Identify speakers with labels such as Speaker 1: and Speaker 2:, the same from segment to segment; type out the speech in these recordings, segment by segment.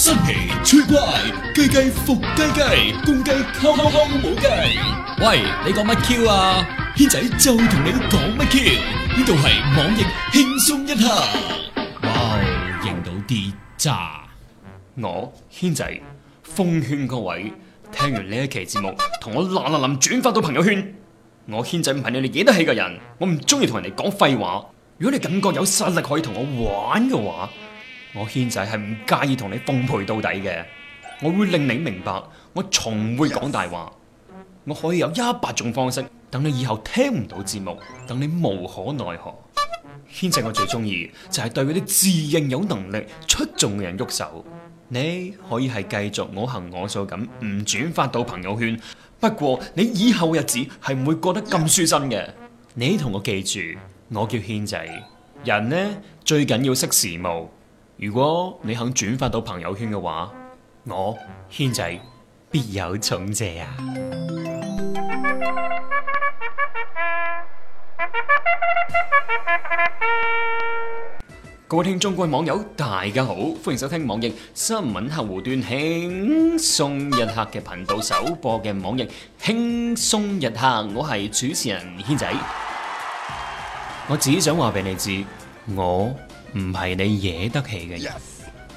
Speaker 1: 新奇、趣怪，雞雞伏雞雞，公雞扣扣扣冇雞。喂，你講乜 Q 啊？軒仔就同你講乜 Q？呢度係網易輕鬆一刻。哇、wow，認到啲渣。我軒仔奉勸各位聽完呢一期節目，同我嗱嗱臨轉發到朋友圈。我軒仔唔係你哋惹得起嘅人，我唔中意同人哋講廢話。如果你感覺有實力可以同我玩嘅話。我軒仔係唔介意同你奉陪到底嘅。我會令你明白，我從唔會講大話。我可以有一百種方式等你以後聽唔到節目，等你無可奈何。軒 仔，我最中意就係對嗰啲自認有能力出眾嘅人喐手。你可以係繼續我行我素咁，唔轉發到朋友圈。不過你以後日子係唔會過得咁舒心嘅。你同我記住，我叫軒仔。人呢，最緊要識時務。如果你肯轉發到朋友圈嘅話，我軒仔必有重謝啊！各位聽眾，各位網友，大家好，歡迎收聽網易新聞客戶端輕鬆一刻嘅頻道首播嘅網易輕鬆一刻，我係主持人軒仔，我只想話俾你知，我唔係你惹得起嘅人。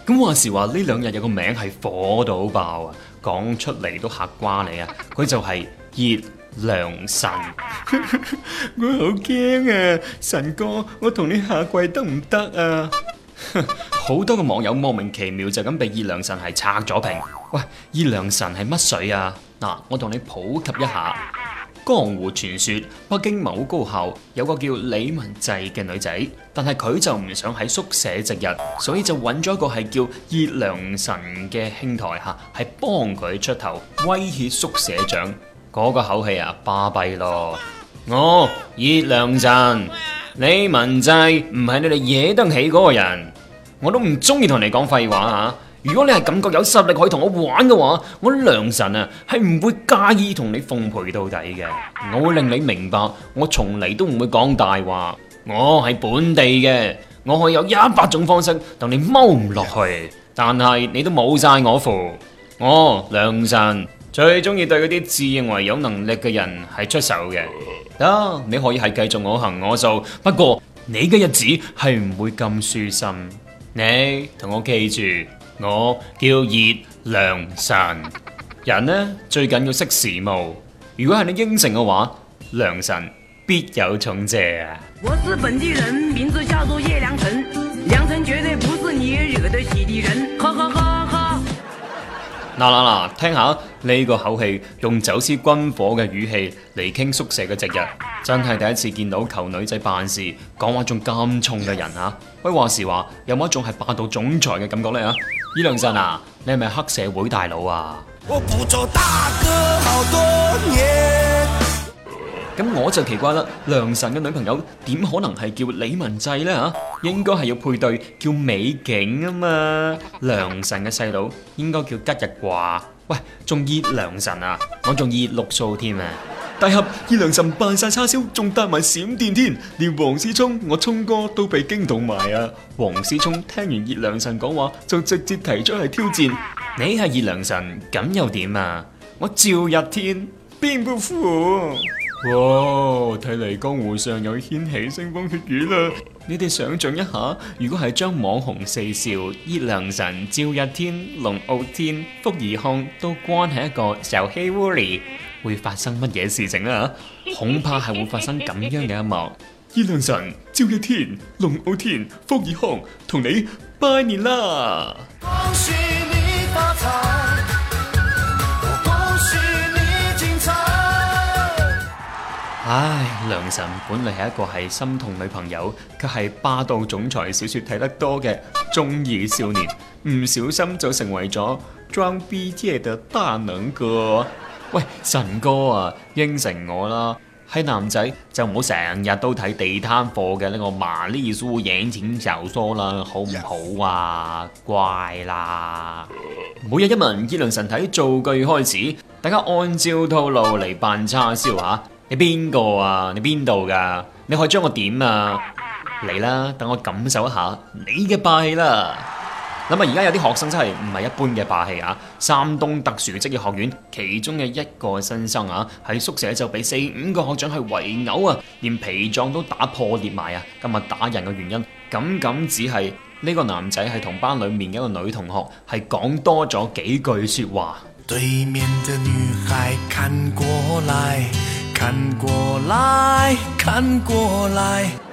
Speaker 1: 咁 Yes. 話時話，呢兩日有個名係火到爆啊，講出嚟都吓瓜你啊！佢就係葉良辰。 我好驚啊！神哥，我同你下跪得唔得啊？好 多個網友莫名其妙就咁被葉良辰係拆咗屏。喂，葉良辰係乜水啊？嗱，我同你普及一下。江湖傳説，北京某高校有個叫李文濟嘅女仔，但係佢就唔想喺宿舍值日，所以就揾咗一個係叫葉良辰嘅兄台嚇，係幫佢出頭，威脅宿舍長，嗰、那個口氣啊，巴閉咯！我、哦、葉良辰，李文濟唔係你哋惹得起嗰個人，我都唔中意同你講廢話啊！如果你係感覺有實力可以同我玩嘅話，我良辰啊係唔會介意同你奉陪到底嘅。我會令你明白，我從嚟都唔會講大話。我係本地嘅，我可以有一百種方式同你踎唔落去。但係你都冇晒我負，我良辰最中意對嗰啲自認為有能力嘅人係出手嘅。得你可以係繼續我行我素，不過你嘅日子係唔會咁舒心。你同我記住。我叫葉良辰，人呢最緊要識時務。如果係你應承嘅話，良辰必有重謝啊！
Speaker 2: 我是本地人，名字叫做葉良辰，良辰絕對不是你惹得起的人，哈哈哈。
Speaker 1: 嗱嗱嗱，聽下呢個口氣，用走私軍火嘅語氣嚟傾宿舍嘅值日，真係第一次見到求女仔辦事，講話仲咁重嘅人啊！喂，話時話有冇一種係霸道總裁嘅感覺呢？啊？葉良辰啊，你係咪黑社會大佬啊？
Speaker 2: 我不做大哥好多年
Speaker 1: 咁我就奇怪啦，良辰嘅女朋友點可能係叫李文濟咧吓？應該係要配對叫美景啊嘛。良辰嘅細佬應該叫吉日啩？喂，仲葉良辰啊？我仲葉六叔添啊！大俠，葉良辰扮晒叉燒，仲帶埋閃電添，連王思聰我聰哥都被驚動埋啊！王思聰聽完葉良辰講話，就直接提出嚟挑戰：你係葉良辰，咁又點啊？我趙日天，便不服。哇！睇嚟江湖上有掀起腥風血雨啦！你哋想象一下，如果係將網紅四少、葉良辰、趙日天、龍傲天、福爾康都關喺一個時候，戲屋裏，會發生乜嘢事情啦、啊？恐怕係會發生咁樣嘅一幕。葉 良辰、趙日天、龍傲天、福爾康，同你拜年啦！唉，良辰本嚟係一個係心痛女朋友，佢係霸道總裁小說睇得多嘅中二少年，唔小心就成為咗裝逼界的大能哥。喂，神哥啊，應承我啦，係男仔就唔好成日都睇地攤貨嘅呢個瑪麗蘇言情小說啦，好唔好啊？乖啦，每日一文，以良辰體造句開始，大家按照套路嚟扮叉燒吓。你邊個啊？你邊度噶？你可以將我點啊？嚟啦，等我感受一下你嘅霸氣啦！諗下而家有啲學生真係唔係一般嘅霸氣啊！山東特殊職業學院其中嘅一個新生啊，喺宿舍就俾四五個學長去圍毆啊，連脾臟都打破裂埋啊！今日打人嘅原因，僅僅只係呢個男仔係同班裏面嘅一個女同學係講多咗幾句說話。
Speaker 2: 對面看過來，看過來。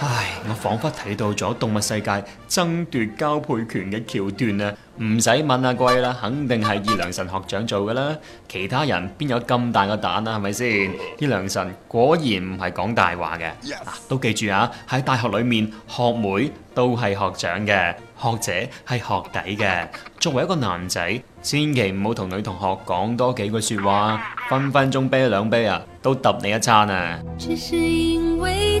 Speaker 1: 唉，我仿佛睇到咗動物世界爭奪交配權嘅橋段啊！唔使問阿貴啦，肯定係葉良辰學長做㗎啦。其他人邊有咁大個膽啊？係咪先？葉良辰果然唔係講大話嘅。啊，都記住啊，喺大學裏面，學妹都係學長嘅，學姐係學弟嘅。作為一個男仔，千祈唔好同女同學講多幾句說話，分分鐘啤兩杯啊，都揼你一餐啊！
Speaker 2: 只是因為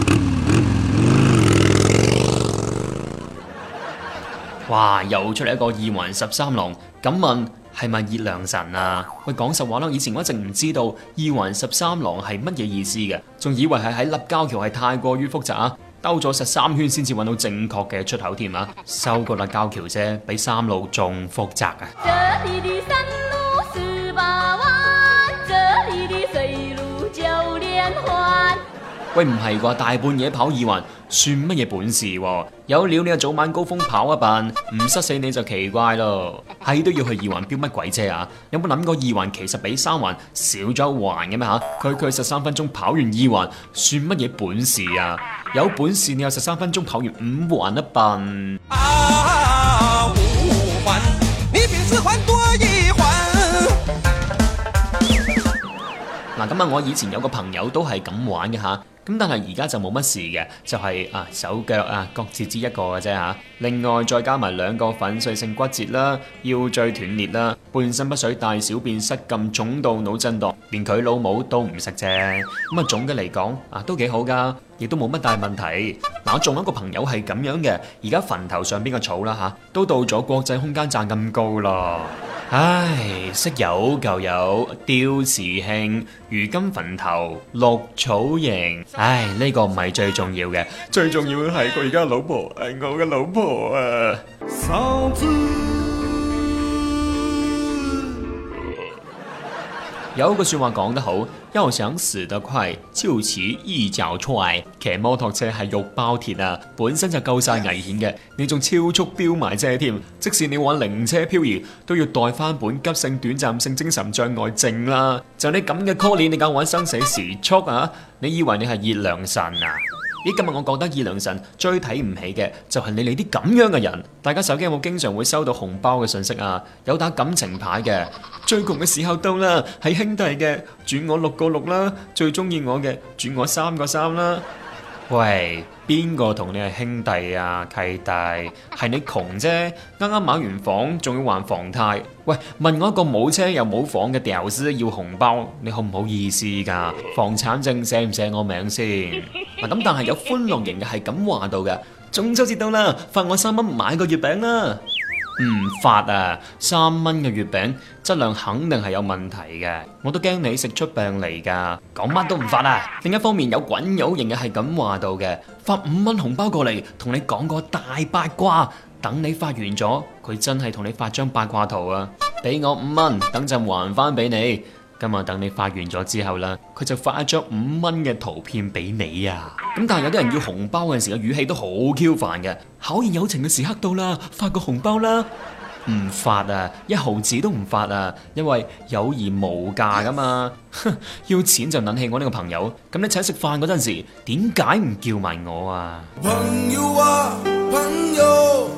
Speaker 1: 哇！又出嚟一個二環十三郎，敢問係咪熱良神啊？喂，講實話啦，以前我一直唔知道二環十三郎係乜嘢意思嘅，仲以為係喺立交橋係太過於複雜啊，兜咗十三圈先至揾到正確嘅出口添啊，修個立交橋啫，比三路仲複雜啊！喂，唔係啩？大半夜跑二環，算乜嘢本事啊？有料你啊，早晚高峰跑一棒，唔塞死你就奇怪咯。係都要去二環飆乜鬼車啊？有冇諗過二環其實比三環少咗一環嘅咩吓？佢佢十三分鐘跑完二環，算乜嘢本事啊？有本事你有十三分鐘跑完五環一棒。
Speaker 2: 啊五
Speaker 1: 嗱，咁啊，我以前有個朋友都係咁玩嘅吓，咁但係而家就冇乜事嘅，就係啊手腳啊各自只一個嘅啫吓，另外再加埋兩個粉碎性骨折啦，腰椎斷裂啦，半身不遂、大小便失禁、重度腦震盪，連佢老母都唔識啫，咁啊總嘅嚟講啊都幾好噶。亦都冇乜大問題。嗱、啊，我仲有一個朋友係咁樣嘅，而家墳頭上邊嘅草啦吓、啊，都到咗國際空間站咁高啦。唉，識友舊友吊時慶，如今墳頭綠草營。唉，呢、這個唔係最重要嘅，最重要係佢而家老婆係我嘅老婆啊。有句說話講得好，要想死得快，就似依腳踹。騎摩托車係肉包鐵啊，本身就夠晒危險嘅，你仲超速飆埋車添。即使你玩靈車漂移，都要帶翻本急性短暫性精神障礙症啦。就你咁嘅可憐，你敢玩生死時速啊？你以為你係葉良辰啊？咦，今日我覺得二良神最睇唔起嘅就係你哋啲咁樣嘅人。大家手機有冇經常會收到紅包嘅信息啊？有打感情牌嘅，最窮嘅時候到啦，係兄弟嘅，轉我六個六啦，最鍾意我嘅，轉我三個三啦。喂，邊個同你係兄弟啊契弟？係你窮啫，啱啱買完房仲要還房貸。喂，問我一個冇車又冇房嘅屌絲要紅包，你好唔好意思㗎？房產證寫唔寫我名先？咁， 但係有歡樂型嘅係咁話到㗎，中秋節到啦，發我三蚊買個月餅啦！唔發啊！三蚊嘅月餅質量肯定係有問題嘅，我都驚你食出病嚟噶。講乜都唔發啊！另一方面有滾友型嘅係咁話到嘅，發五蚊紅包過嚟同你講個大八卦，等你發完咗，佢真係同你發張八卦圖啊！俾我五蚊，等陣還翻俾你。今日等你發完咗之後啦，佢就發一張五蚊嘅圖片俾你啊。咁但係有啲人要紅包嗰陣時嘅語氣都好 Q 煩嘅。考驗友情嘅時刻到啦，發個紅包啦。唔發啊，一毫子都唔發啊，因為友誼無價噶嘛。 要錢就諗起我呢個朋友。咁你請食飯嗰陣時，點解唔叫埋我啊？
Speaker 2: 朋友啊，朋友，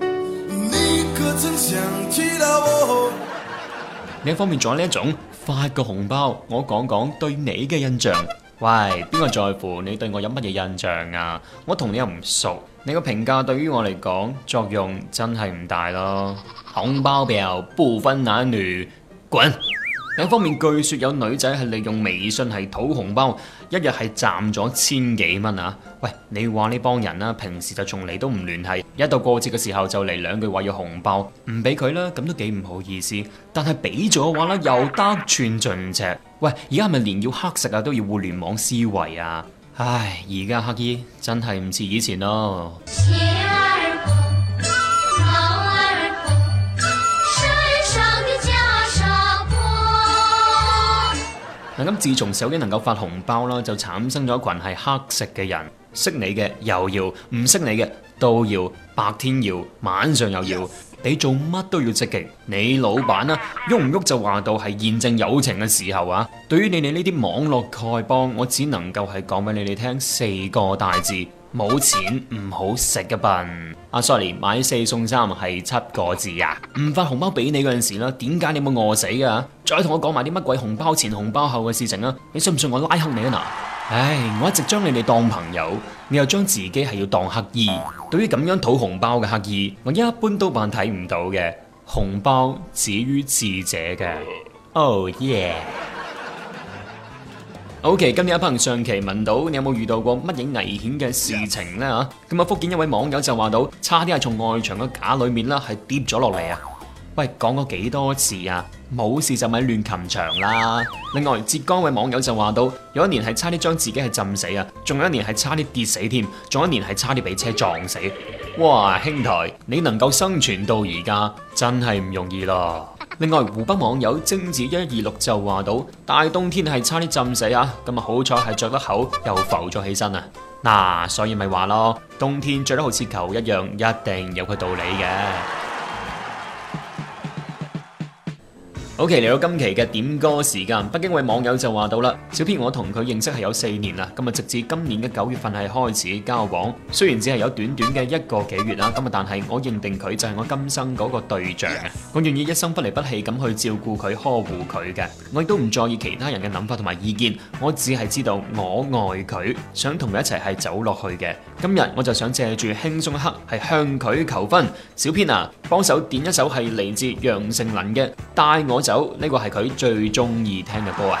Speaker 2: 你可曾想起我
Speaker 1: 你方便呢一兩種。發個紅包，我講講對你嘅印象。喂，邊個在乎你對我有乜嘢印象啊？我同你又唔熟，你個評價對於我嚟講作用真係唔大咯。紅包表不分男女滾。另一方面，據說有女仔係利用微信係討紅包。一日係賺咗千幾蚊啊！喂，你話呢幫人啦、啊，平時就從嚟都唔聯繫，一到過節嘅時候就嚟兩句話要紅包，唔俾佢啦，咁都幾唔好意思。但係俾咗嘅話啦，又得寸進尺。喂，而家係咪連要乞食啊，都要互聯網思維啊！唉，而家乞兒真係唔似以前咯。Yeah. 咁自從手機能夠發紅包啦，就產生咗群係黑食嘅人，識你嘅又要，唔識你嘅都要，白天要，晚上又要，Yes. 你做乜都要積極。你老闆啦、啊，喐唔喐就話到係驗證友情嘅時候啊！對於你哋呢啲網絡丐幫，我只能夠係講俾你哋聽四個大字。冇錢唔好食嘅笨，阿 sorry 買四送三係七個字啊。唔發紅包俾你嗰陣時啦，點解你冇餓死嘅？再同我講埋啲乜鬼紅包前紅包後嘅事情啦，你信唔信我拉黑你啊？嗱，唉，我一直將你哋當朋友，你又將自己係要當乞兒。對於咁樣討紅包嘅乞兒，我一般都扮睇唔到嘅，紅包止於智者嘅，oh yeah。Ok，今日有朋友上期問到你有冇遇到過乜嘢危險嘅事情呢？吓，咁啊，福建一位網友就話到，差啲係從外牆個架裏面啦，係跌咗落嚟啊！喂，講咗幾多次啊，冇事就咪亂擒牆啦。另外，浙江一位網友就話到，有一年係差啲將自己係浸死啊，仲有一年係差啲跌死添，仲有一年係差啲俾車撞死。哇，兄台，你能夠生存到而家，真係唔容易咯。另外，湖北網友貞子一二六就話到：大冬天係差啲浸死啊，咁啊好彩係着得厚，又浮咗起身啊！嗱、啊，所以咪話咯，冬天着得好似球一樣，一定有佢道理嘅。好，嚟、okay，到今期嘅點歌時間，北京位網友就話到啦，小編我同佢認識係有四年啦，咁啊直至今年嘅九月份係開始交往，雖然只係有短短嘅一個幾月啦，咁啊但係我認定佢就係我今生嗰個對象，我願意一生不離不棄咁去照顧佢，呵護佢嘅，我亦都唔在意其他人嘅諗法同埋意見，我只係知道我愛佢，想同佢一齊係走落去嘅。今日我就想借住輕鬆一刻係向佢求婚，小編啊，幫手點一首係嚟自楊丞琳嘅《帶我走》。呢個係佢最中意聽嘅歌啊！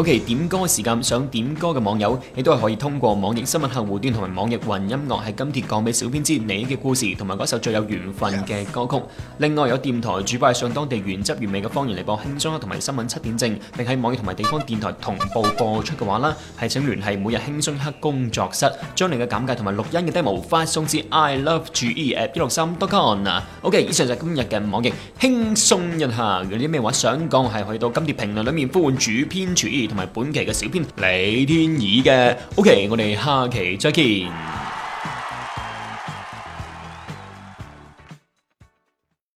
Speaker 1: O.K. 點歌時間，想點歌嘅網友亦都係可以通過網易新聞客戶端同埋網易雲音樂喺跟帖講俾小編知你嘅故事同埋嗰首最有緣分嘅歌曲。另外有電台主播上當地原汁原味嘅方言嚟播輕鬆一刻同埋新聞七點正，並喺網易同埋地方電台同步播出嘅話啦，係請聯繫每日輕鬆一刻工作室將你嘅簡介同埋錄音嘅 demo 發送至 iLoveZuE@163.com。O.K. 以上就係今日嘅網易輕鬆一下，有啲咩話想講係去到跟帖評論裏面呼喚主編注意。同埋本期嘅小編李天怡嘅，OK，我哋下期再見。